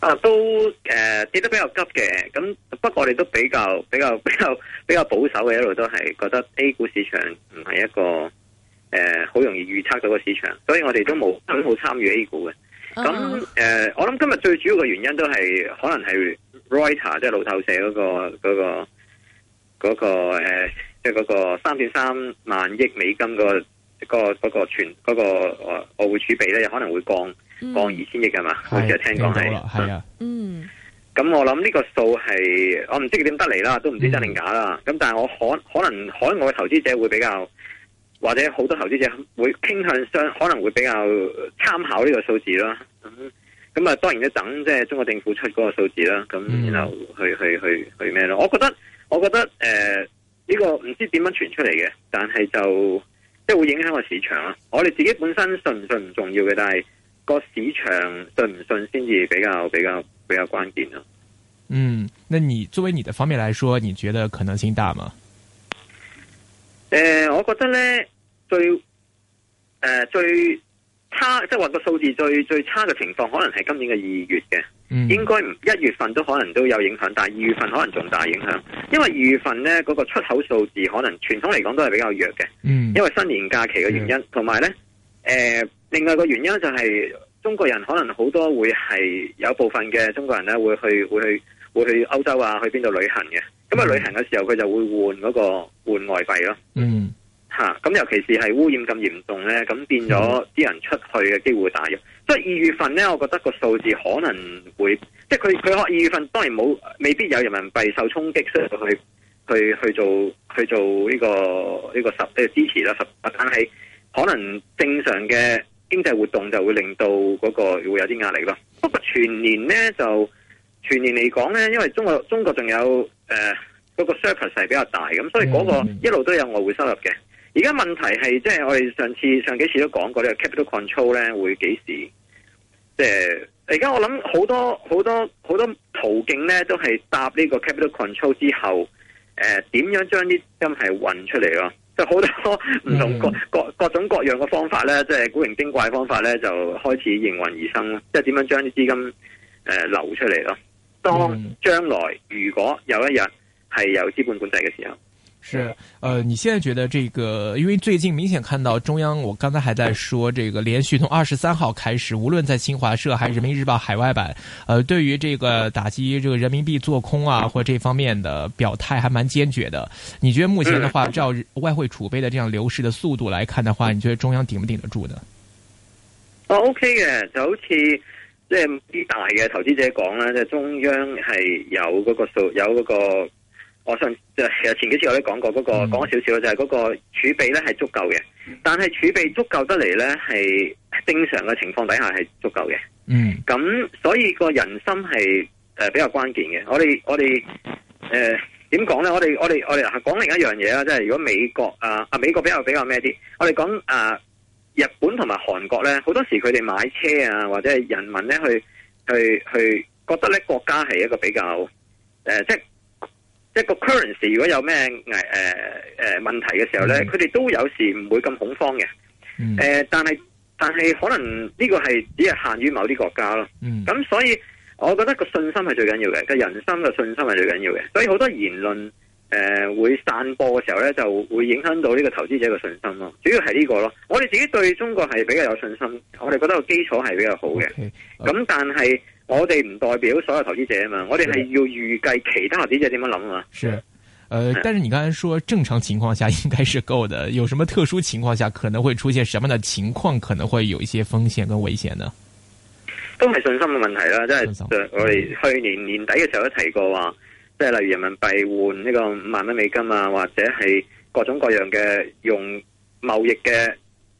啊，都誒跌得比較急嘅，咁不過我哋都比較比較比較比較保守嘅，一路都係覺得 A 股市場唔係一個誒好、呃、容易預測到嘅市場，所以我哋都冇咁好參與 A 股嘅。咁誒、呃，我諗今日最主要嘅原因都係可能係 Reuters 即係路透社嗰個嗰個嗰個即係嗰個三點三萬億美金個。那個嗰、那個存嗰、那個外匯儲備咧，有可能會降、嗯、降二千億噶嘛？好似係聽講係，係啊，嗯。咁我諗呢個數係我唔知佢點得嚟啦，都唔知真定假啦。咁、嗯、但係我可可能海外投資者會比較，或者好多投資者會傾向相，可能會比較參考呢個數字啦。咁咁啊，當然都等即係中國政府出嗰個數字啦。咁然後去、嗯、去去去咩咯？我覺得我覺得誒、呢、呃這個唔知點樣傳出嚟嘅，但係就。即係會影響個市場啊。我哋自己本身信唔信唔重要嘅，但係個市場信唔信先至比較比較比較關鍵咯。嗯，那你作為你的方面來說，你覺得可能性大嗎？誒、呃，我覺得咧，最誒，最。呃最差即係話個數字最最差嘅情況，可能係今年嘅二月嘅，嗯，應該唔一月份都可能都有影響，但係二月份可能仲大影響，因為二月份呢嗰，那個出口數字可能傳統嚟講都係比較弱嘅，嗯，因為新年假期嘅原因，同、嗯、埋呢，誒、呃，另外一個原因就係、是、中國人可能好多會係有部分嘅中國人呢會去會去會去歐洲啊，去邊度旅行嘅，咁啊旅行嘅時候佢就會換嗰，那個換外幣咯，嗯。啊，咁尤其是係污染咁嚴重咧，咁變咗啲人出去嘅機會大咗。所以二月份咧，我覺得個數字可能會，即係佢佢二月份當然冇未必有人民幣受衝擊，所以去去去做去做呢個呢個十誒支持啦十。但係可能正常嘅經濟活動就會令到嗰個會有啲壓力咯。不過全年咧就全年嚟講咧，因為中國中國仲有誒嗰個 surplus 係比較大咁，所以嗰個一路都有外匯收入嘅。而家問題係，即係我哋上次上幾次都講過咧，capital control 咧會幾時？即係而家我諗好多好多好多途徑咧，都係搭呢個 capital control 之後，誒點樣將啲金係運出嚟咯？就好多唔同各嗯嗯各各各種各樣嘅方法咧，即係古靈精怪嘅方法咧，就開始應運而生啦。即係點樣將啲資金誒流出嚟咯？當將來如果有一日係有資本管制嘅時候。是，呃，你現在覺得這個？因為最近明顯看到中央，我剛才還在說這個，連續從二十三號開始，無論在新華社還是人民日報海外版，呃，對於這個打擊這個人民幣做空啊，或者這方面的表態還蠻堅決的。你覺得目前的話，照外匯儲備的這樣流失的速度來看的話，你覺得中央頂不頂得住呢？哦，oh，OK 嘅，就好似即係啲大嘅投資者講啦，就是、中央係有嗰個數，有嗰、嗰個。我上就前幾次我都講過，嗰、那個講少少就係嗰個儲備咧係足夠嘅，但係儲備足夠得嚟咧係正常嘅情況底下係足夠嘅。嗯，咁、就是嗯、所以個人心係誒比較關鍵嘅。我哋我哋誒點講咧？我哋、呃、我哋我哋啊講另一樣嘢啦，即係如果美國啊啊美國比較比較咩啲，我哋講啊日本同埋韓國咧，好多時佢哋買車啊或者係人民咧去去去覺得咧國家係一個比較誒、呃、即。一個 currency 如果有咩誒誒誒問題嘅時候咧，佢、嗯、哋都有時唔會咁恐慌嘅。誒、嗯呃，但係但係可能呢個係只係限於某啲國家咯。咁、嗯、所以我覺得個信心係最緊要嘅，個人心嘅信心係最緊要嘅。所以好多言論誒、呃、會散播嘅時候咧，就會影響到呢個投資者嘅信心咯。主要係呢個咯。我哋自己對中國係比較有信心，我哋覺得個基礎係比較好嘅。咁、Okay, okay. 但係。我哋唔代表所有投資者啊嘛，是我哋係要預計其他投資者點樣諗啊嘛是、呃。是，但係你剛才說正常情況下應該是夠的，有什麼特殊情況下可能會出現什麼樣的情況，可能會有一些風險跟危險呢？都係信心嘅問題啦，即、就、係、是、我哋去年年底嘅時候都提過的話，即係例如人民幣換呢個五萬蚊美金啊，或者係各種各樣嘅用貿易嘅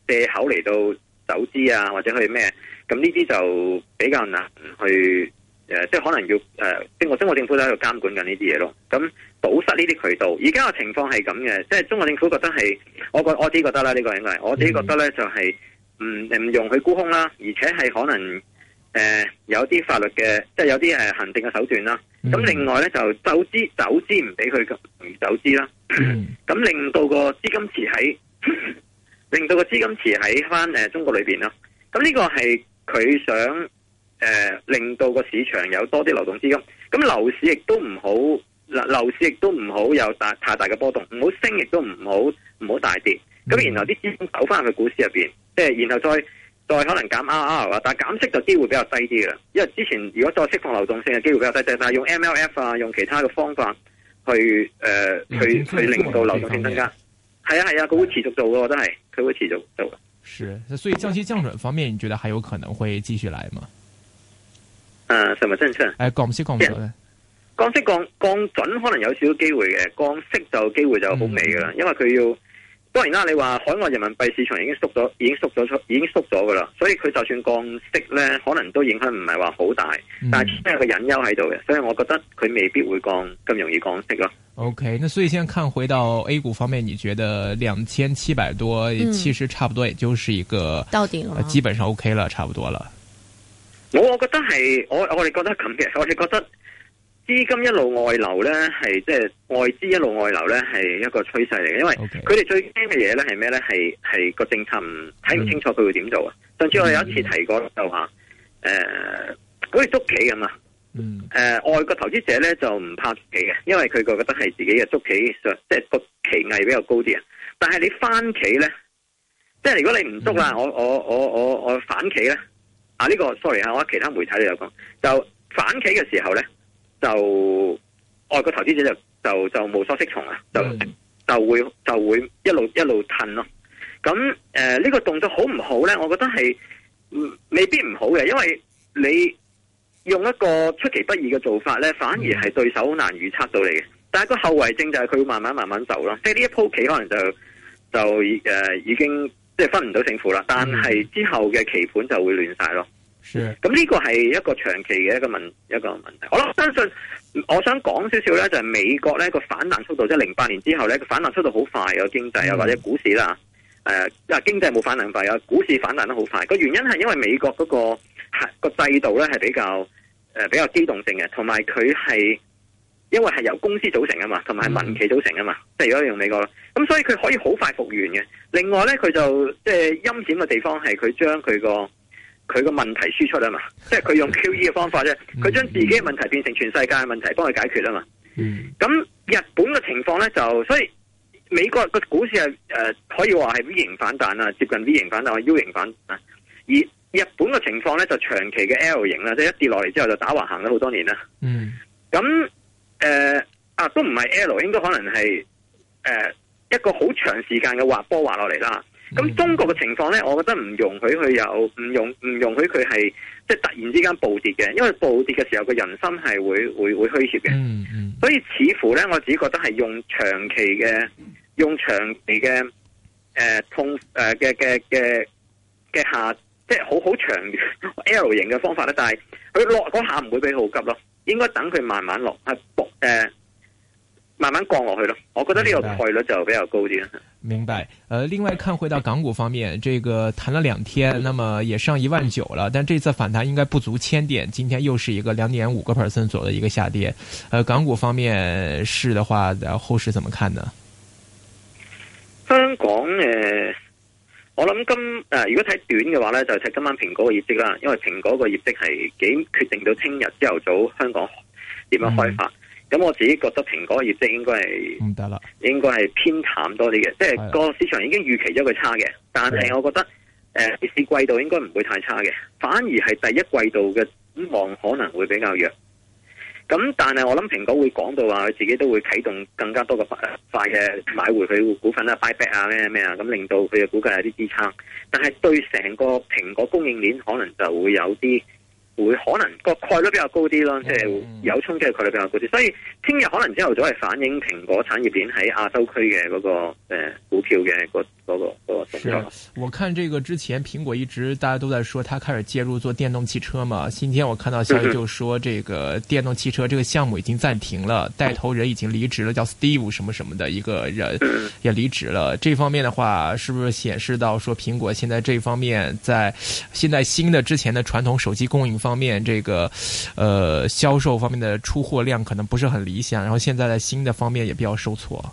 借口嚟到。走資啊，或者去咩？咁呢啲就比較難去誒，即、呃、係、就是、可能要誒，中、呃、國中國政府都喺度監管緊呢啲嘢咯。咁堵塞呢啲渠道，而家嘅情況係咁嘅，即、就、係、是、中國政府覺得係我覺、我自己覺得啦，呢個應該，我自己覺得咧、這個、就係唔唔容許沽空啦，而且係可能誒、呃、有啲法律嘅，即、就、係、是、有啲誒、呃、行政嘅手段啦。咁另外咧就走資，走資唔俾佢咁容易走資啦，咁、嗯、 令到個資金池喺。 令到個資金池喺翻誒中國裏邊咯，咁呢個係佢想誒令到個市場有多啲流動資金，咁樓市亦都唔好，嗱樓市亦都唔好有大太大嘅波動，唔好升亦都唔好唔好大跌，咁然後啲資金走翻去股市入邊，即係然後再再可能減 RR 啊，但係減息就機會比較低啲啦，因為之前如果再釋放流動性嘅機會比較低啲，但係用 MLF 啊，用其他嘅方法去誒、呃、去去令到流動性增加。嗯係啊係啊，佢、啊、會持續做噶，真係佢會持續做。是，所以降息降準方面，你覺得還有可能會繼續來嗎？誒、呃，係咪真出？誒、哎，降息降唔到咧，降息降降準可能有少少機會嘅，降息就機會就好微噶啦，因為佢要。當然啦，你話海外人民幣市場已經縮咗，已經縮咗，已經縮咗噶啦，所以佢就算降息咧，可能都影響唔係話好大，但係都有個隱憂喺度嘅，所以我覺得佢未必會降咁容易降息咯。OK，那所以先看回到 A 股方面，你覺得兩千七百多其實差不多，也就是一個到頂，嗯，基本上 OK 啦，差不多啦。我我覺得係我我哋覺得咁嘅，我哋覺得。資金一路外流呢，係即係外資一路外流呢，係一個趨勢嚟嘅。因為佢哋最驚嘅嘢呢，係咩呢？係係個政策唔睇唔清楚，佢會點做啊？上次我有一次提過就話，誒、呃，好似捉棋咁啊。誒、呃，外國投資者呢，就唔怕捉棋嘅，因為佢個覺得係自己嘅捉棋即係個棋藝比較高啲啊。但係你翻棋呢，即係如果你唔捉啦，我我我我我反棋呢。啊？呢、這個 sorry 啊，我其他媒體都有講，就反棋嘅時候呢。就外國投資者就就就無所適從啊，就就會就會一路一路褪咯。咁誒、呢、呃呢個動作好唔好咧？我覺得係未必唔好嘅，因為你用一個出其不意嘅做法咧，反而係對手好難預測到你嘅。但係個後遺症就係佢會慢慢慢慢走咯，即係呢一鋪棋可能就就誒、呃、已經即係分唔到勝負啦。但係之後嘅棋盤就會亂晒咯。咁、yeah. 呢個係一個長期嘅一個問一個問題，我諗相信，我想講少少咧，就係美國咧，個反彈速度，即係零八年之後咧，個反彈速度好快啊，經濟啊或者股市啦，誒、呃，但係經濟冇反彈快啊，股市反彈得好快，個原因係因為美國嗰、那個係、啊、個制度咧係比較誒、呃、比較機動性嘅，同埋佢係因為係由公司組成啊嘛，同埋係民企組成啊嘛，即係如果用美國啦咁，所以佢可以好快復原嘅。另外咧，佢就即係陰險嘅地方係佢將佢個。佢個問題輸出啊嘛，即係佢用 QE 嘅方法咧，佢將自己嘅問題變成全世界嘅問題，幫佢解決啊嘛。咁日本嘅情況咧就，所以美國個股市係誒可以話係 V 型反彈啦，接近 V 型反彈或 U 型反彈。而日本嘅情況咧就長期嘅 L 型啦，即係一跌落嚟之後就打橫行咗好多年啦。嗯、咁、呃、誒啊都唔係 L，應該可能係誒、呃、一個好長時間嘅滑波滑落嚟啦。咁中國嘅情況咧，我覺得唔容許佢有唔容唔容許佢係即係突然之間暴跌嘅，因為暴跌嘅時候個人心係會會會虛怯嘅。嗯嗯，所以似乎咧，我自己覺得係用長期嘅用長期嘅誒、呃、痛誒嘅嘅嘅嘅下即係好好長 L 型嘅方法咧，但係佢落嗰下唔會俾佢好急咯，應該等佢慢慢落係博誒。呃慢慢降落去咯，我覺得呢個概率就比較高啲。明白。呃，另外看回到港股方面，這個談了兩天，那麼也上一萬九了，但這次反彈應該不足千點。今天又是一個兩點五個 percent 左右的一個下跌。呃，港股方面市的話，後，後市怎麼看呢？香港誒、呃，我諗今誒、呃，如果睇短嘅話呢，就睇、是、今晚蘋果嘅業績啦。因為蘋果個業績係幾決定到聽日朝頭早香港點樣開發。嗯咁我自己覺得蘋果嘅業績應該係唔得啦，應該係偏淡多啲嘅，即係個市場已經預期咗佢差嘅。但係我覺得誒，第四、呃、季度應該唔會太差嘅，反而係第一季度嘅展望可能會比較弱。咁但係我諗蘋果會講到話，佢自己都會啟動更加多嘅快嘅買回佢股份啊，buy back 啊咩咩啊，咁令到佢嘅股價有啲支撐。但係對成個蘋果供應鏈可能就會有啲。會可能個概率比較高啲咯，即係有衝擊嘅概率比較高啲，所以聽日可能朝頭早係反映蘋果產業鏈喺亞洲區嘅嗰個股票嘅嗰嗰個。我看這個之前蘋果一直大家都在說，他開始介入做電動汽車嘛。今天我看到消息，就說這個電動汽車這個項目已經暫停了，帶頭人已經離職了，叫 Steve 什麼什麼的一個人也離職了。這方面的話，是不是顯示到說蘋果現在這方面在現在新的之前的傳統手機供應方面？方面，這個，呃，銷售方面的出貨量可能不是很理想，然後現在的新的方面也比較受挫。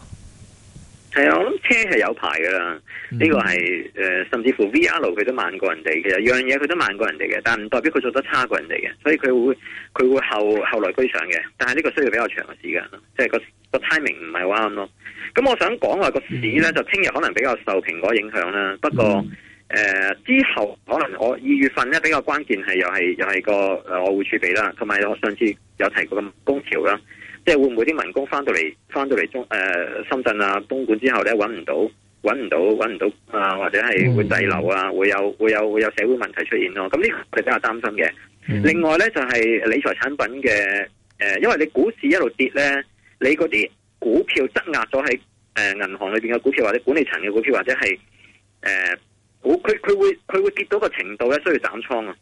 係啊，我諗車係有排噶啦，呢、這個係，誒、呃，甚至乎 VR 佢都慢過人哋其實，樣嘢佢都慢過人哋嘅，但唔代表佢做得差過人哋嘅，所以佢會佢會後後來居上嘅，但係呢個需要比較長嘅時間，即係個個，個 timing 唔係好啱咯。咁、嗯、我想講話個市呢，就聽日可能比較受蘋果影響啦，不過。嗯誒、呃，之後可能我二月份咧比較關鍵，係又係又係個外匯儲備啦，同埋我上次有提過個工潮啦，即係會唔會啲民工翻到嚟翻到嚟中誒、呃、深圳啊東莞之後咧揾唔到揾唔到揾唔到啊，或者係會滯留啊，會有會有會有社會問題出現咯。咁呢個我哋比較擔心嘅、嗯。另外咧就係、是、理財產品嘅誒、呃，因為你股市一路跌咧，你嗰啲股票質押咗喺誒銀行裏邊嘅股票或者管理層嘅股票或者係誒。呃佢佢會佢會跌到個程度咧，需要斬倉啊！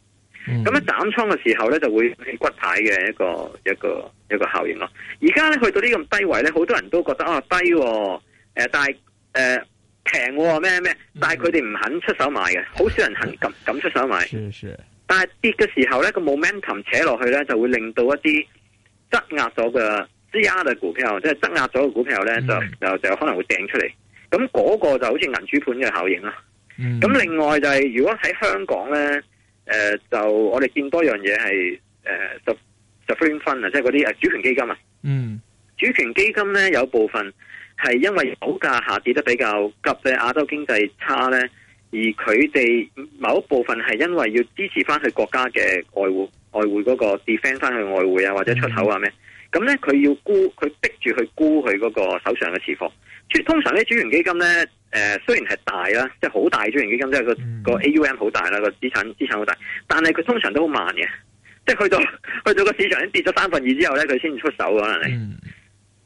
咁啊斬倉嘅時候咧，就會起骨牌嘅一個一個一個效應咯、啊。而家咧去到呢咁低位咧，好多人都覺得啊、哦、低誒、哦呃呃呃哦，但係誒平咩咩，但係佢哋唔肯出手買嘅，好少人肯咁敢，敢出手買。但係跌嘅時候咧，個 momentum 扯落去咧，就會令到一啲質押咗嘅啲啊嘅股票，即係質押咗嘅股票咧，就就、嗯、就可能會掟出嚟。咁嗰個就好似銀主盤嘅效應咯、啊。咁、嗯、另外就係，如果喺香港咧，誒、呃、就我哋見多樣嘢係誒十十 p e e 分啊，即係嗰啲誒主權基金啊，嗯，主權基金咧有部分係因為油價下跌得比較急咧，亞洲經濟差咧，而佢哋某一部分係因為要支持翻佢國家嘅外匯外匯嗰個 defend 翻去外匯啊，或者出口啊咩，咁咧佢要沽，佢逼住去沽佢嗰個手上嘅期貨。通常啲呢，主權基金咧，誒，雖然係大啦，即係好大主權基金，嗯、即係個個 AUM 好大啦，個資產資產好大，但係佢通常都好慢嘅，即係去到去到個市場已經跌咗三分二之後咧，佢先至出手可能，嗯，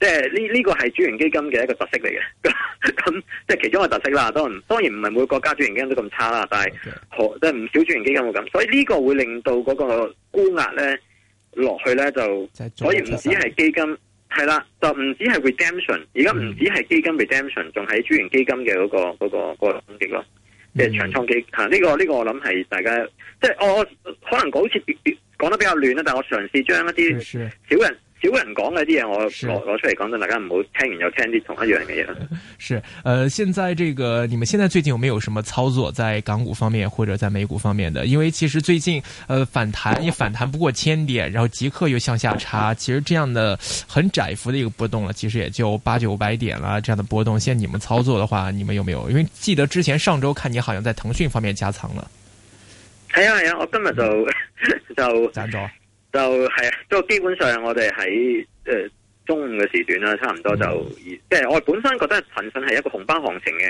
即係呢呢個係主權基金嘅一個特色嚟嘅，咁 即係其中一個特色啦。當然當然唔係每個國家主權基金都咁差啦，但係好即係唔少主權基金會咁，所以呢個會令到嗰個估壓咧落去咧就，就是，所以唔止係基金。係啦，就唔止係 redemption，而家唔止係基金 redemption，仲喺主權基金嘅嗰個嗰個嗰個衝擊咯，即係長倉基吓，呢個呢個我諗係大家，即係我可能講好似講得比較亂啦，但係我嘗試將一啲小人。少人講嘅啲嘢，我攞攞出嚟講，等、啊、大家唔好聽完又聽啲同一樣嘅嘢啦。是，呃，現在這個你們現在最近有沒有什麼操作在港股方面或者在美股方面的？因為其實最近，呃，反彈也反彈不過千點，然後即刻又向下插，其實這樣的很窄幅的一個波動了，其實也就八九百點啦、啊，這樣的波動。現在你們操作的話，你們有沒有？因為記得之前上周看你好像在騰訊方面加倉了。係啊係啊，我今日就就賺咗。就係啊，都基本上我哋喺誒中午嘅時段啦，差唔多就、嗯、即係我本身覺得騰訊係一個紅包行情嘅，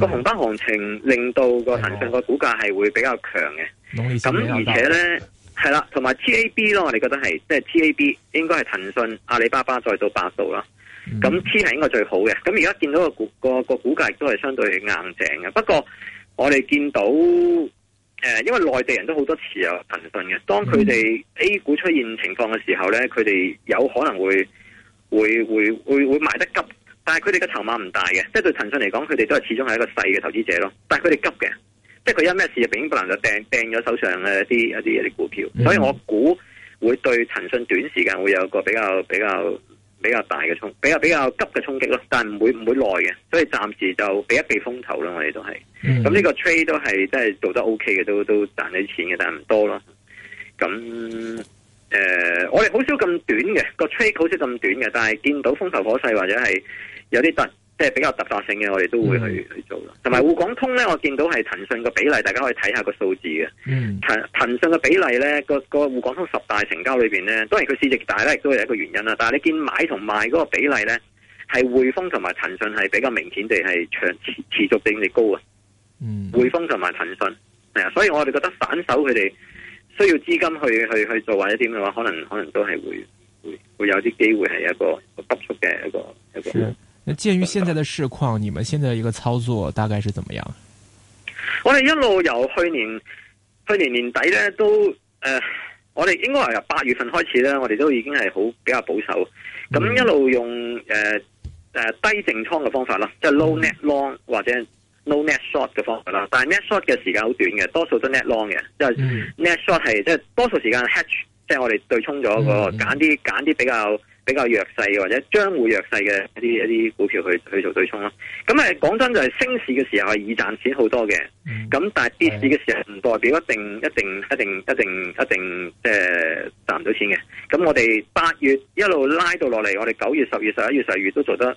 個、嗯、紅包行情令到個騰訊個股價係會比較強嘅。咁、嗯、而且呢，係、嗯、啦，同埋 T A B 咯，我哋覺得係即係、即係、T A B 應該係騰訊、阿里巴巴再到百度啦。咁、嗯、T 係應該最好嘅。咁而家見到個股、個個股個個股價亦都係相對硬淨嘅。不過我哋見到。誒，因為內地人都好多持有騰訊嘅，當佢哋 A 股出現情況嘅時候咧，佢哋有可能會會會會會賣得急，但係佢哋嘅籌碼唔大嘅，即係對騰訊嚟講，佢哋都係始終係一個細嘅投資者咯。但係佢哋急嘅，即係佢因咩事，就便不能夠就掟掟咗手上嘅一啲一啲一啲股票，嗯，所以我估會對騰訊短時間會有一個比較比較。比較大嘅衝，比較比較急嘅衝擊咯，但係唔會唔會耐嘅，所以暫時就避一避風頭咯。我哋都係，咁、嗯、呢個 trade 都係真係做得 OK 嘅，都都賺咗啲錢嘅，但係唔多咯。咁誒、呃，我哋好少咁短嘅個 trade，好少咁短嘅，但係見到風頭火勢或者係有啲突。即係比較突發性嘅，我哋都會去、嗯、去做咯。同埋滬港通咧，我見到係騰訊嘅比例，大家可以睇下個數字嘅。騰騰訊嘅比例咧，個個滬港通十大成交裏邊咧，當然佢市值大咧，亦都係一個原因啦。但係你見買同賣嗰個比例咧，係匯豐同埋騰訊係比較明顯地係長持持續性地高啊、嗯。匯豐同埋騰訊係啊，所以我哋覺得散戶佢哋需要資金去去去做或者點嘅話，可能可能都係會會會有啲機會係一,一個急速嘅一個一個。一個鑒於現在的市況，你們現在一個操作大概是怎麼樣？我哋一路由去年去年年底咧都誒、呃，我哋應該係由八月份開始咧，我哋都已經係好比較保守，咁、嗯、一路用誒誒、呃呃、低淨倉嘅方法啦，即、就、係、是、low net long、嗯、或者 low net short 嘅方法啦，但係 net short 嘅時間好短嘅，多數都 net long 嘅，即、就、係、是、net short 係即係多數時間 hedge，即係我哋對沖咗，那個揀啲揀啲比較。比較弱勢嘅或者將會弱勢嘅一啲一啲股票去去做對衝咯、啊。咁誒，講真就係升市嘅時候係易賺錢好多嘅。咁、嗯、但係跌市嘅時候唔代表一定、嗯、一定一定一定一定即係賺唔到錢嘅。咁我哋八月一路拉到落嚟，我哋九月、十月、十一月、十二月都做得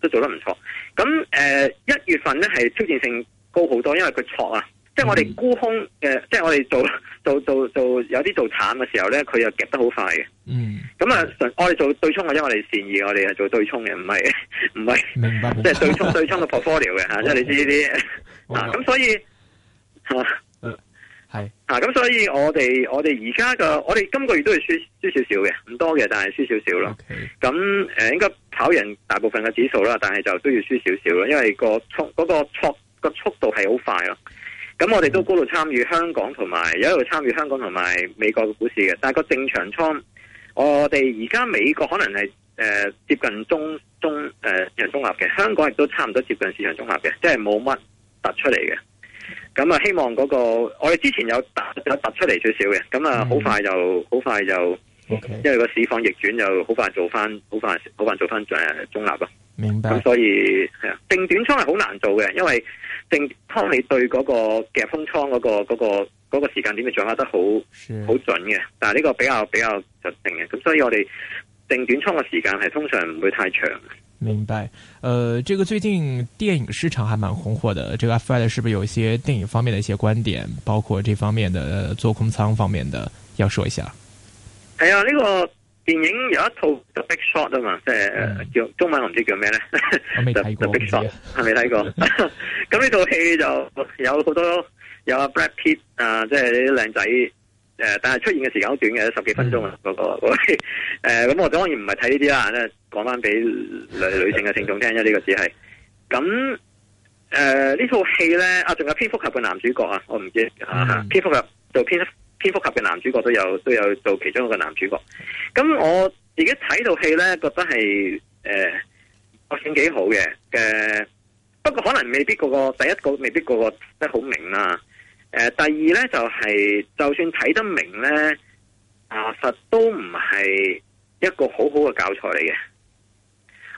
都做得唔錯。咁誒，呃、一月份咧係挑戰性高好多，因為佢挫啊。即係我哋沽空誒，即係我哋做做做做有啲做慘嘅時候咧，佢又夾得好快嘅。嗯。咁啊，嗯、我哋做對沖嘅，因為我哋善意，我哋係做對沖嘅，唔係唔係，明白、即係對沖 對沖嘅 portfolio 嘅吓，即係你知呢啲啊。咁所以係吓，咁、啊啊、所以我哋我哋而家嘅，我哋今個月都要輸輸少少嘅，唔多嘅，但係輸少少啦。咁、okay. 誒、呃，應該跑贏大部分嘅指數啦，但係就都要輸少少啦，因為個速、那個速、那個速那個速度係好快咯。咁我哋都高度參與香港同埋，有一度參與香港同埋美國嘅股市嘅。但係個正長倉，我哋而家美國可能係、呃、接近中中誒市場中立嘅，香港亦都差唔多接近市場中立嘅，即係冇乜突出嚟嘅。咁啊，希望嗰、那個我哋之前有有突，突出嚟少少嘅，咁啊，好、嗯、快就好快就、okay. 因為個市況逆轉，就好快做翻，好快好快做翻誒中立咯。明白。咁所以係啊，定短倉係好難做嘅，因為。正、那個，當你對嗰個夾空倉嗰個嗰個嗰個時間點就掌握得好，好準嘅，但係呢個比較比較特定嘅，咁所以我哋定短倉嘅時間係通常唔會太長。明白，誒、呃，這個最近電影市場還蠻紅火的，這個 Fred 是不是有一些電影方面的一些觀點，包括這方面的做空倉方面的要說一下。係啊，呢、這個。電影有一套 Big Shot，是、嗯、叫《Big Shot》啊嘛，即係叫中文我唔知叫咩咧、？ 啊 啊，就《Big Shot》，係咪睇過？咁呢套戲就有好多有 Brad Pitt 啊，即係啲靚仔誒，但係出現嘅時間好短嘅，十幾分鐘、那個嗯、 啊，嗰個誒，咁我當然唔係睇呢啲啦，咧講翻俾女性嘅聽衆聽啫， 這個那呃、這呢個只係咁誒呢套戲咧，啊仲有蝙蝠俠嘅男主角、嗯、啊，我唔知蝙蝠俠做蝙。蝠。蝙蝠俠嘅男主角都有都有做其中一個男主角，咁我自己睇套戲呢，覺得係誒，拍片幾好嘅，嘅、呃、不過可能未必個個，第一個未必個個得好明啦，誒、呃，第二呢，就係、是、就算睇得明呢，其、呃、實都唔係一個好好嘅教材嚟嘅，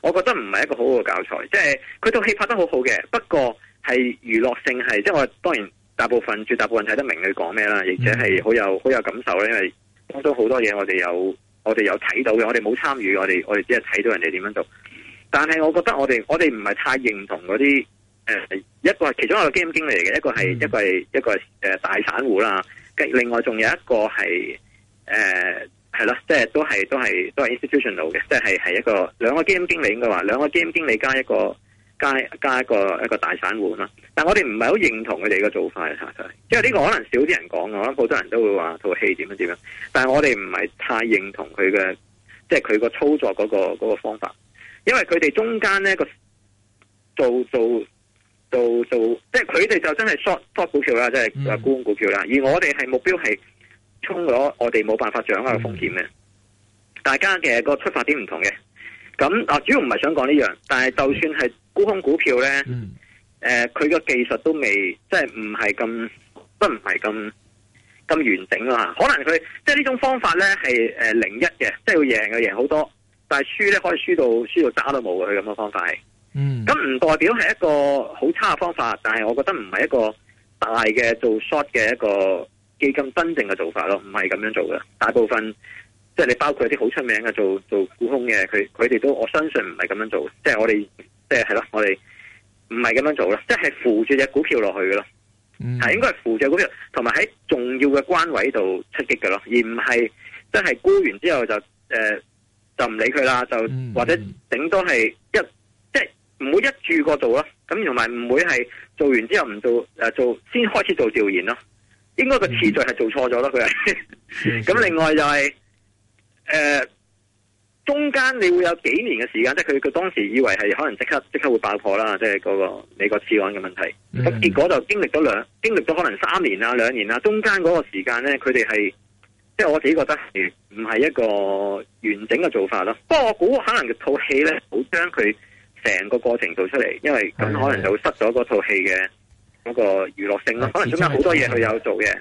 我覺得唔係一個好好嘅教材，即係佢套戲拍得好好嘅，不過係娛樂性係，即係我當然。大部分，絕大部分睇得明佢講咩啦，而且係好有好有感受咧，因為當中好多嘢，我哋有我哋有睇到嘅，我哋冇參與，我哋我哋只係睇到人哋點樣做。但係我覺得我哋我哋唔係太認同嗰啲誒，一個係其中一個基金經理嘅，一個係、嗯、一個係一個誒大散戶啦。另外仲有一個係誒係啦，即係都係都係都係 institutional 嘅，即係係一個兩個基金經理，應該話，兩個基金經理加一個。加加一個一個大散戶啦，但係我哋唔係好認同佢哋嘅做法，因為呢個可能少啲人講，我諗好多人都會話套戲點樣點樣，但係我哋唔係太認同佢嘅，即係佢個操作嗰、嗰個、嗰個方法，因為佢哋中間呢個做做做做，即係佢哋就真係 short short 股票啦，即係沽股票啦，而我哋係目標係衝咗，我哋冇辦法掌握風險嘅，mm. 大家嘅個出發點唔同嘅，咁啊主要唔係想講呢樣，但係就算係。沽空股票咧，誒、嗯，佢、呃、嘅技術都未，即係唔係咁，都唔係咁，咁完整啦吓。可能佢即係呢種方法咧係誒零一嘅，即係要贏嘅贏好多，但係輸咧可以輸到輸到渣都冇嘅。佢咁嘅方法係，咁、嗯、唔代表係一個好差嘅方法。但係我覺得唔係一個大嘅做 short 嘅一個基金真正嘅做法咯，唔係咁樣做嘅。大部分即係你包括一啲好出名嘅做做沽空嘅，佢佢哋都我相信唔係咁樣做。即係我哋。即係咯，我哋唔係咁樣做咯，即、就、係、是、扶住隻股票落去嘅咯，係、嗯、應該係扶住股票，同埋喺重要嘅關位度出擊嘅咯，而唔係真係沽完之後就誒就唔理佢啦，就，就、嗯、或者頂多係一即係唔會一注過做咯，咁同埋唔會係做完之後唔做誒做先開始做調研咯，應該個次序係做錯咗咯，佢係咁，另外就係、是、誒。呃中間你會有幾年嘅時間，即係佢佢當時以為係可能即刻即刻會爆破啦，即係嗰個美國次按嘅問題。咁、mm -hmm. 結果就經歷咗兩，經歷咗可能三年啊、兩年啊，中間嗰個時間咧，佢哋係即係我自己覺得唔唔係一個完整嘅做法咯。不過我估可能套戲咧，好將佢成個過程做出嚟，因為咁可能就會失咗嗰套戲嘅嗰個娛樂性咯。Mm -hmm. 可能中間好多嘢佢有做嘅。Mm -hmm.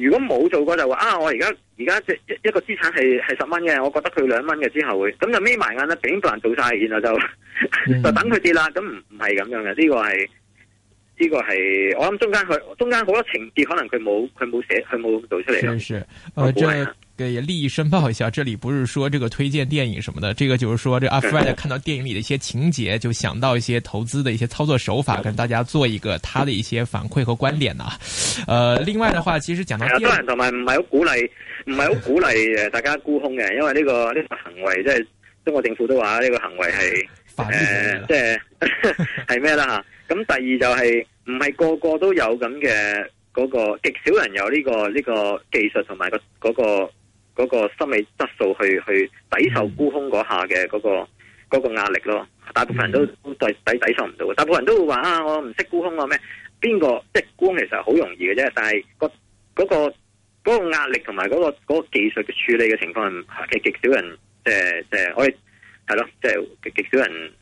如果冇做過就話啊，我而家而家一一個資產係係十蚊嘅，我覺得佢兩蚊嘅之後會咁就眯埋眼啦，頂唔人做晒，然後就 就等佢跌啦。咁唔唔係咁樣嘅，呢、呢個係呢、呢個係我諗，中間佢中間好多情節，可能佢冇佢冇寫佢冇做出嚟咯。係係。給利益申報一下，這裏不是說這個推薦電影什麼的，這個就是說，這阿 Fred 在看到電影裏的一些情節，就想到一些投資的一些操作手法，跟大家做一個他的一些反饋和觀點呐、啊。呃，另外的話，其實講到個，很多人同埋唔係好鼓勵，唔係好鼓勵大家沽空嘅， 因為呢、這個呢、這個行為即係中國政府都話呢個行為係誒，即係係咩啦吓。咁、呃就是、 么 第二就係唔係個個都有咁嘅嗰個極少人有呢、這個呢、這個技術同埋個個。嗰、嗰個心理質素去去抵受沽空嗰下嘅嗰、嗰個、嗰個壓力咯大，大部分人都抵抵抵受唔到，大部分人都會話啊，我唔識沽空啊咩？邊個即係沽空其實好容易嘅啫，但係、嗰個、嗰個壓力和、嗰個壓力同埋個個技術嘅處理嘅情況係極少人即係即係可以係咯，即係極少人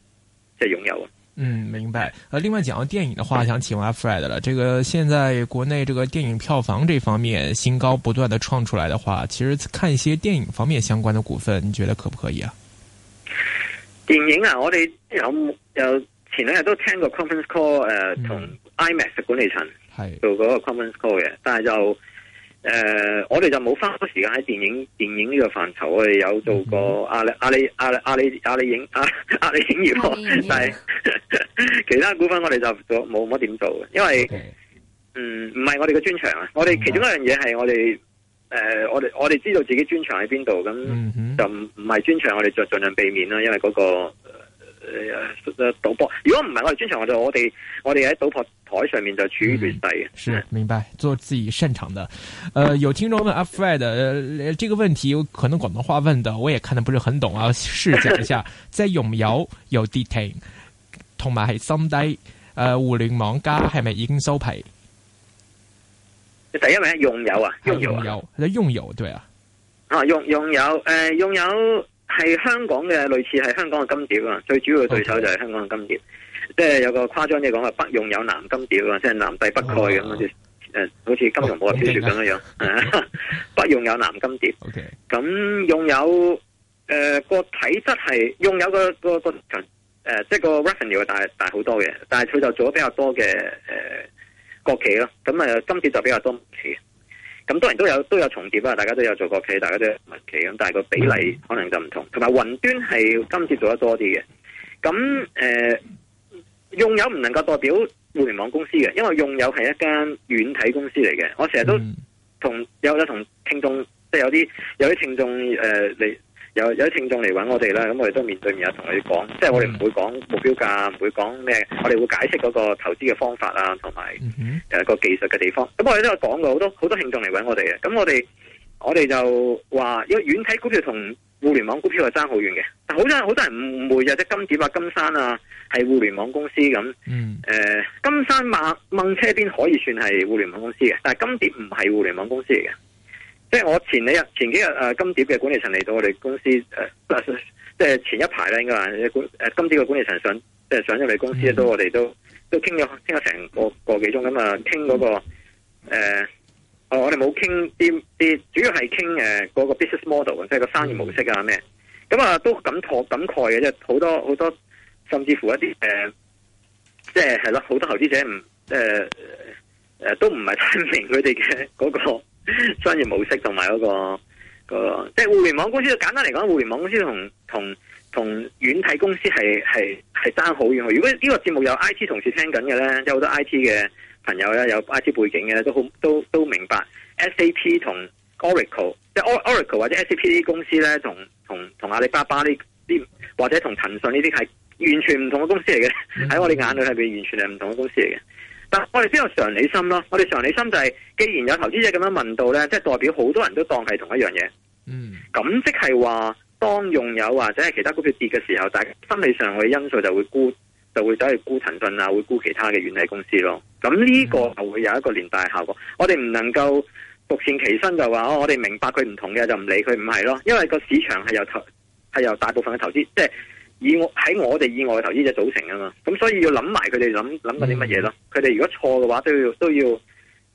即係擁有啊。嗯，明白。呃，另外講到電影的話，想請問 Fred 了。這個現在國內這個電影票房這方面新高不斷的創出來的話，其實看一些電影方面相關的股份，你覺得可不可以啊？電影啊，我哋有有前兩日都聽過 Conference Call，誒、呃嗯，同 IMAX 嘅管理層係做個 Conference Call 嘅，但係就。誒、呃，我哋就冇花好多時間喺電影電影呢個範疇，我哋有做過阿里、嗯、阿里阿里阿里阿里影阿里影業、嗯，但係、嗯、 其他股份我哋就做冇乜點做，因為、okay。嗯唔係我哋嘅專長啊、嗯，我哋其中一樣嘢係我哋誒、呃，我哋我哋知道自己專長喺邊度，咁就唔唔係專長，我哋就盡量避免啦，因為嗰、嗰個。誒誒，賭博如果唔係我哋專長，我就我哋我哋喺賭博台上面就處於劣勢嘅。是明白，做自己擅長的。誒、呃，有聽眾問、阿、Fred 誒、呃，這個問題可能廣東話問的，我也看得不是很懂啊。試，試講一下， 在用油有，有 detail，同埋係心低誒，互聯網加係咪已經收皮？第一為用油啊，用油用油對啊。啊，用用油誒，用油。呃係香港嘅類似係香港嘅金蝶啊，最主要嘅對手就係香港嘅金，okay. 金蝶，即係有個誇張嘅講法，oh, oh. Oh, 嗯嗯、 北用友南金蝶啊，即係南帝北丐咁誒，好似金庸武俠小說咁樣樣，北用友南金蝶，咁、okay. 用友誒個、呃、體質係用友個個、呃、即個誒即係個 revenue 大大好多嘅，但係佢就做咗比較多嘅誒、呃、國企咯，咁啊金蝶就比較多咁當然都有都有重疊啊，大家都有做國企，大家都有民企咁，但係個比例可能就唔同。同埋雲端係今次做得多啲嘅。咁、呃、用友唔能夠代表互聯網公司嘅，因為用友係一間軟體公司嚟嘅。我成日都同有有同聽眾，即係有啲有啲聽眾誒、呃有有啲聽眾嚟揾我哋啦，咁我哋都面對面有同佢講，即係我哋唔會講目標價，唔會講咩，我哋會解釋嗰個投資嘅方法啊，同埋誒個技術嘅地方。咁我哋都有講過，好多好多聽眾嚟揾我哋嘅，咁我哋我哋就話，因為遠睇股票同互聯網股票係爭好遠嘅，但好多，多人好多人誤會，即金蝶啊、金山啊係互聯網公司咁、嗯呃。金山馬、掹車邊可以算係互聯網公司嘅，但係金蝶唔係互聯網公司嚟嘅。即係我前幾日前幾日誒、啊，金碟嘅管理層嚟到我哋公司誒，即係前一排咧應該話，金誒金碟嘅管理層上即係上咗嚟公司，啊公司 mm -hmm. 都我哋都都傾咗傾咗成個個幾鐘咁啊，傾嗰、那個誒、呃，哦我哋冇傾啲啲，主要係傾誒嗰個 business model，即係個生意模式，mm -hmm. 啊咩，咁啊都感慨感慨嘅，啫，好多好多，甚至乎一啲誒、呃，即係係咯，好多投資者唔誒誒都唔係太明佢哋嘅嗰個。商業模式同埋嗰個、嗰個、即係互聯網公司。簡單嚟講，互聯網公司同同同軟體公司係係係爭好遠。如果呢個節目有 I T 同事聽緊嘅咧，即係好多 I T 嘅朋友咧，有 I T 背景嘅咧，都好都都明白 S A P 同 Oracle，即係 Oracle 或者 S A P 公司咧，同同同阿里巴巴呢啲或者同騰訊呢啲係完全唔同嘅公司嚟嘅。喺、mm -hmm. 我哋眼裏係邊完全係唔同嘅公司嚟嘅。但我哋都有常理心咯，我哋常理心就係既然有投資者咁樣問到咧，即係代表好多人都當係同一樣嘢。嗯，咁即係話當用友或者係其他股票跌嘅時候，大家心理上嘅因素就會沽，就會走去沽騰訊啊，會沽其他嘅軟體公司咯。咁呢個就會有一個連帶效果。我哋唔能夠獨善其身就話哦，我哋明白佢唔同嘅就唔理佢唔係咯，因為個市場係由投係由大部分嘅投資即係。以我喺我哋以外嘅投資者組成啊嘛。咁、嗯、所以要諗埋佢哋諗諗緊啲乜嘢咯。佢哋如果錯嘅話，都要都要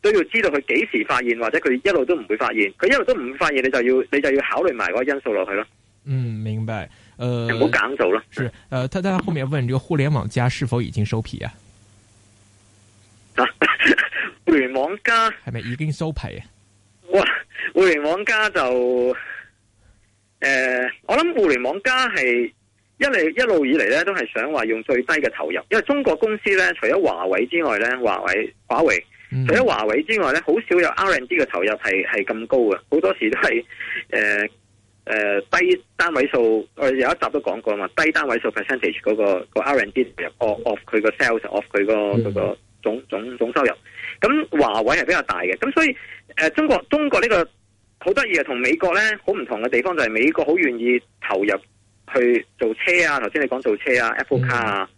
都要知道佢幾時發現，或者佢一路都唔會發現，佢一路都唔會發現，你就要你就要考慮埋嗰個因素落去咯。嗯，明白。誒、呃，唔好簡做啦。誒，太、呃、太後面問呢個互聯網加是否已經收皮啊？啊， 互聯網加係咪已經收皮啊？哇，互聯網加就誒、呃，我諗互聯網加係。一嚟一路以嚟咧，都係想話用最低嘅投入，因為中國公司咧，除咗華為之外咧，華為華為除咗華為之外咧，好少有 R&D 嘅投入係係咁高嘅，好多時都係誒誒低單位數，我、呃、有一集都講過啊嘛，低單位數 percentage 嗰、那個、那個 R&D，off、mm -hmm. off 佢、那個 sales，off 佢個個總總總收入，咁華為係比較大嘅，咁所以誒、呃、中國中國呢個好得意係同美國咧好唔同嘅地方就係美國好願意投入。去做車啊！頭先你講做車啊，嗯，Apple Car 啊，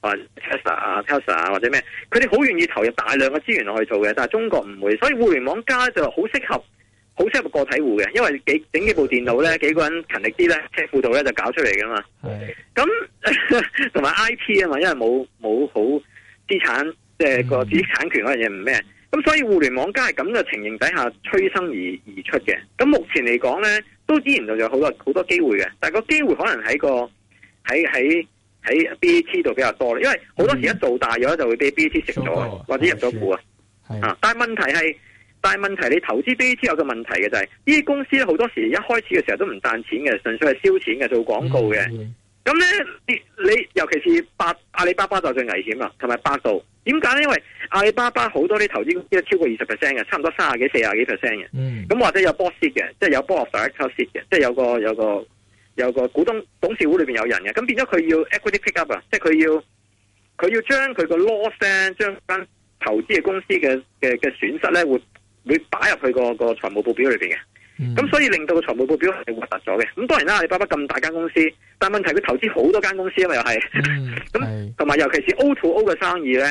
或 Tesla 啊，Tesla 啊或者咩？佢哋好願意投入大量嘅資源落去做嘅，但係中國唔會，所以互聯網加就好適合，好適合個體戶嘅，因為幾整幾部電腦咧，幾個人勤力啲咧，車輔導咧就搞出嚟噶嘛。咁同埋 I P 啊嘛，因為冇冇好資產，即係個知識產權嗰樣嘢唔咩，咁所以互聯網加係咁嘅情形底下催生而而出嘅。咁目前嚟講咧。都之前就有好多好多機會嘅，但係個機會可能喺個喺喺喺 B A T 度比較多啦，因為好多時一做大咗就會俾 B A T 食咗，或者入咗股啊。啊，但係問題係，但係問題你投資 B A T 有個問題嘅就係、是，呢啲公司咧好多時一開始嘅時候都唔賺錢嘅，純粹係燒錢嘅做廣告嘅。嗯嗯咁咧，你尤其是八阿里巴巴就最危險啦，同埋百度。點解咧？因為阿里巴巴好多啲投資公司超過二十 percent 嘅，差唔多三十幾、四十幾 percent 嘅。咁、嗯、或者有 board seat 嘅，即係有 board of director seat 嘅，即係有個有個有個，有個股東董事會裏邊有人嘅，咁變咗佢要 equity pick up 啊，即係佢要佢要將佢個 loss，將間投資嘅公司嘅嘅嘅損失咧，會會擺入去個個財務報表裏邊嘅。咁、嗯嗯、所以令到個財務報表係核突咗嘅，咁當然啦，阿里巴巴咁大間公司，但係問題佢投資好多間公司啊嘛，又係咁同埋，尤其是 O2O 嘅生意咧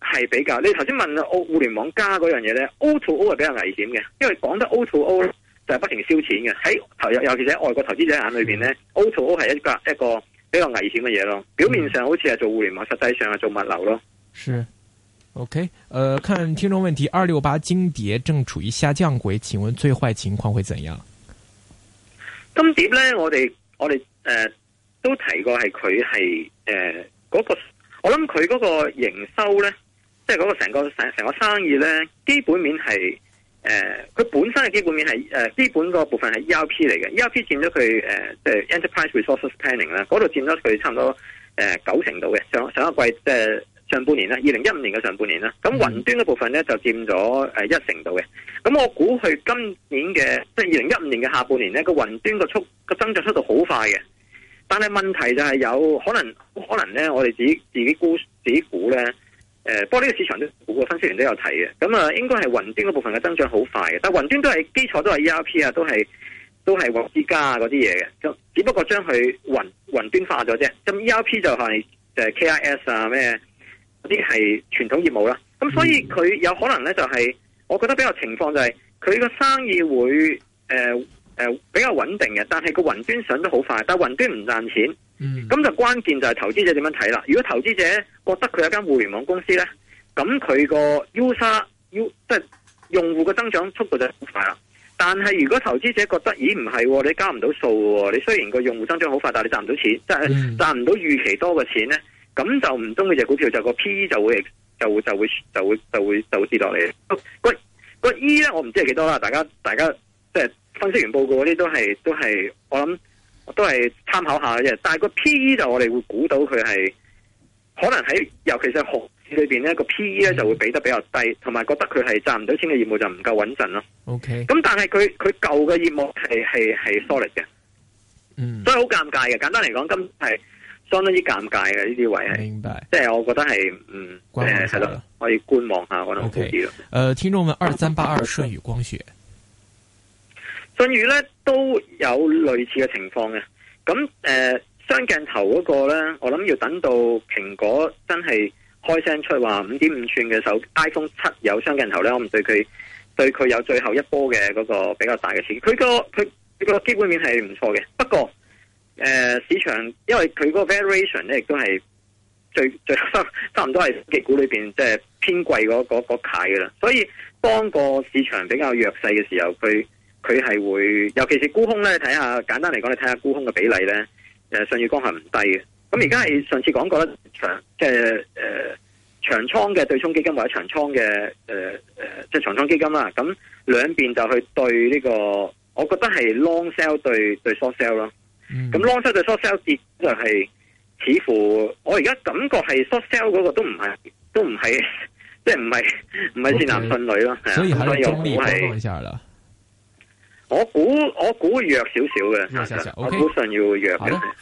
係比較，你頭先問到 O 互聯網加嗰樣嘢咧，O2O 係比較危險嘅，因為講得 O2O 就係不停燒錢嘅，喺投尤其是喺外國投資者眼裏邊咧，O2O 係一個一個比較危險嘅嘢咯，表面上好似係做互聯網，實際上係做物流咯。是 OK，呃，看聽眾問題，二六八金蝶正處於下降軌，請問最壞情況會怎樣？金蝶咧，我哋我哋誒、呃、都提過係佢係誒嗰個，我諗佢嗰個營收咧，即係嗰個成個成成個生意咧，基本面係誒，佢、呃、本身嘅基本面係誒、呃、基本嗰部分係 E R P 嚟嘅，E R P 佔咗佢誒即、呃、係、就是、Enterprise Resources Planning 啦，嗰度佔咗佢差唔多誒九成度嘅，上上一季即係。呃上半年啦，二零一五年嘅上半年啦，咁雲端一部分咧就佔咗誒一成度嘅。咁我估佢今年嘅即係二零一五年嘅下半年咧，個雲端個速個增長速度好快嘅。但係問題就係有可能可能咧，我哋自己自己估自己估咧誒、呃。不過呢個市場都估個分析員都有睇嘅。咁啊，應該係雲端嗰部分嘅增長好快嘅。但係雲端都係基礎都係 E R P 啊，都係都係沃斯家啊嗰啲嘢嘅。咁只不過將佢雲雲端化咗啫。咁 E R P 就係誒 K I S 啊咩？什麼嗰啲係傳統業務啦，咁所以佢有可能咧就係，我覺得比較情況就係佢個生意會誒誒、呃呃、比較穩定嘅，但係個雲端上得好快，但係雲端唔賺錢。嗯，咁就關鍵就係投資者點樣睇啦。如果投資者覺得佢有一間互聯網公司咧，咁佢個 user 即係用戶嘅增長速度就好快啦。但係如果投資者覺得咦唔係、哦，你交唔到數喎、哦，你雖然個用戶增長好快，但係你賺唔到錢，即、嗯、係賺唔到預期多嘅錢咧。咁就唔中意隻股票，就個 PE 就會就會就會就會就會就跌落嚟。個個 E 咧，我唔知係幾多啦。大家大家即係、就是、分析完報告嗰啲都係都係我諗都係參考下嘅。但係個 P E 就我哋會估到佢係可能喺尤其是學裏邊咧個 P E 咧就會俾得比較低，同埋覺得佢係賺唔到錢嘅業務就唔夠穩陣咯。OK。咁但係佢佢舊嘅業務係係係 solid 嘅，嗯、mm.，所以好尷尬嘅。簡單嚟講，今係。相當之尷尬嘅呢啲位係，即係我覺得係，唔、嗯、關係、呃、可以觀望下，可能好啲，誒，聽眾們，二三八二，舜宇光學，舜宇咧都有類似嘅情況嘅。咁誒、呃，雙鏡頭嗰個咧，我諗要等到蘋果真係開聲出話五點五吋嘅手機 iPhone 七有雙鏡頭咧，我唔對佢對佢有最後一波嘅嗰個比較大嘅錢。佢個佢佢個基本面係唔錯嘅，不過。誒、呃，市場因為佢嗰個 variation 咧，亦都係最最差唔多係科技股裏邊，即係偏貴嗰嗰嗰 tier 啦，所以當個市場比較弱勢嘅時候，佢佢係會，尤其是沽空咧，睇下簡單嚟講，你睇下沽空嘅比例咧，誒、呃，上月光係唔低嘅。咁而家係上次講過長，即係誒長倉嘅對沖基金或者長倉嘅誒誒，即、呃、係、呃、長倉基金啦。咁兩邊就去對呢、這個，我覺得係 long sell 對對 short sell 咯。咁 launch 對 short sell 就係，似乎我而家感覺係 short sell 嗰個都唔係，都唔係，即係唔係唔係善男信女咯，咁、okay. 所以又有以啦。我估我估弱少少嘅，我估上、okay. 要弱嘅。Okay.